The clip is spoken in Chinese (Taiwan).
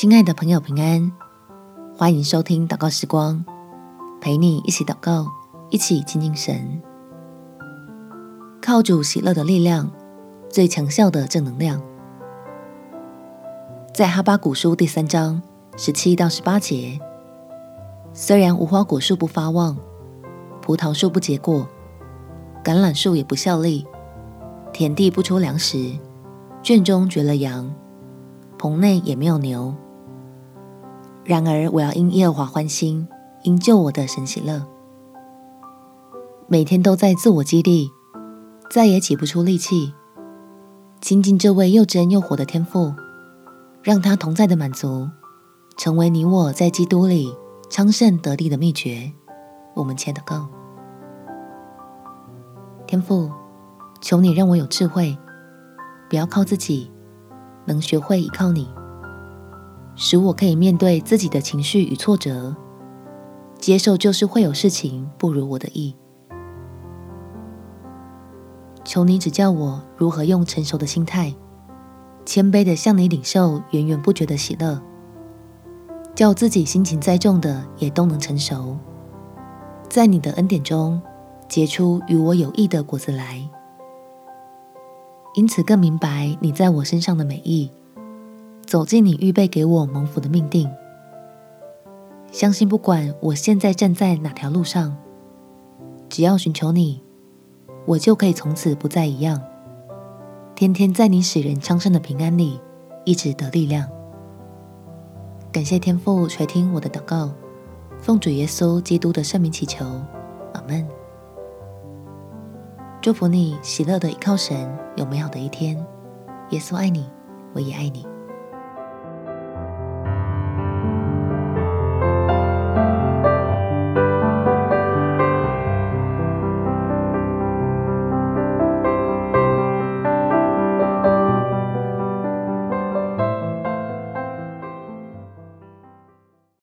親愛的朋友，平安！歡迎收聽禱告時光，陪你一起禱告，一起親近神，靠主喜樂的力量，最強效的正能量。在哈巴谷書第三章十七到十八節，雖然無花果樹不發旺，葡萄樹不結果，橄欖樹也不效力，田地不出糧食，圈中絕了羊，棚內也沒有牛。然而，我要因耶和華歡心，因救我的神喜樂。每天都在自我激勵，再也擠不出力氣。親近這位又真又活的天賦，讓他同在的滿足，成為你我在基督裡昌盛得力的秘訣。我們欠的更天賦，求你讓我有智慧，不要靠自己，能學會依靠你。使我可以面對自己的情緒與挫折，接受就是會有事情不如我的意。求你指教我如何用成熟的心態，謙卑的向你領受源源不絕的喜樂，叫自己辛勤栽種的也都能成熟，在你的恩典中結出與我有益的果子來。因此更明白你在我身上的美意，走進你預備給我蒙福的命定，相信不管我現在站在哪條路上，只要尋求你，我就可以從此不再一樣，天天在你使人昌盛的平安裡，一直得力量。感謝天父垂聽我的禱告，奉主耶穌基督的聖名祈求，阿門。祝福你喜樂的依靠神，有美好的一天。耶穌愛你，我也愛你。